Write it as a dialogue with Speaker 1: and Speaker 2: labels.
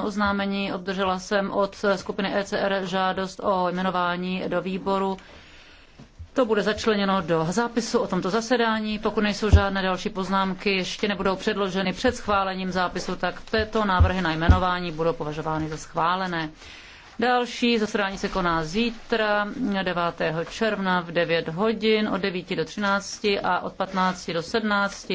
Speaker 1: na oznámení. Obdržela jsem od skupiny ECR žádost o jmenování do výboru. To bude začleněno do zápisu o tomto zasedání. Pokud nejsou žádné další poznámky, ještě nebudou předloženy před schválením zápisu, tak tyto návrhy na jmenování budou považovány za schválené. Další zasedání se koná zítra 9. června v 9 hodin od 9 do 13 a od 15 do 17.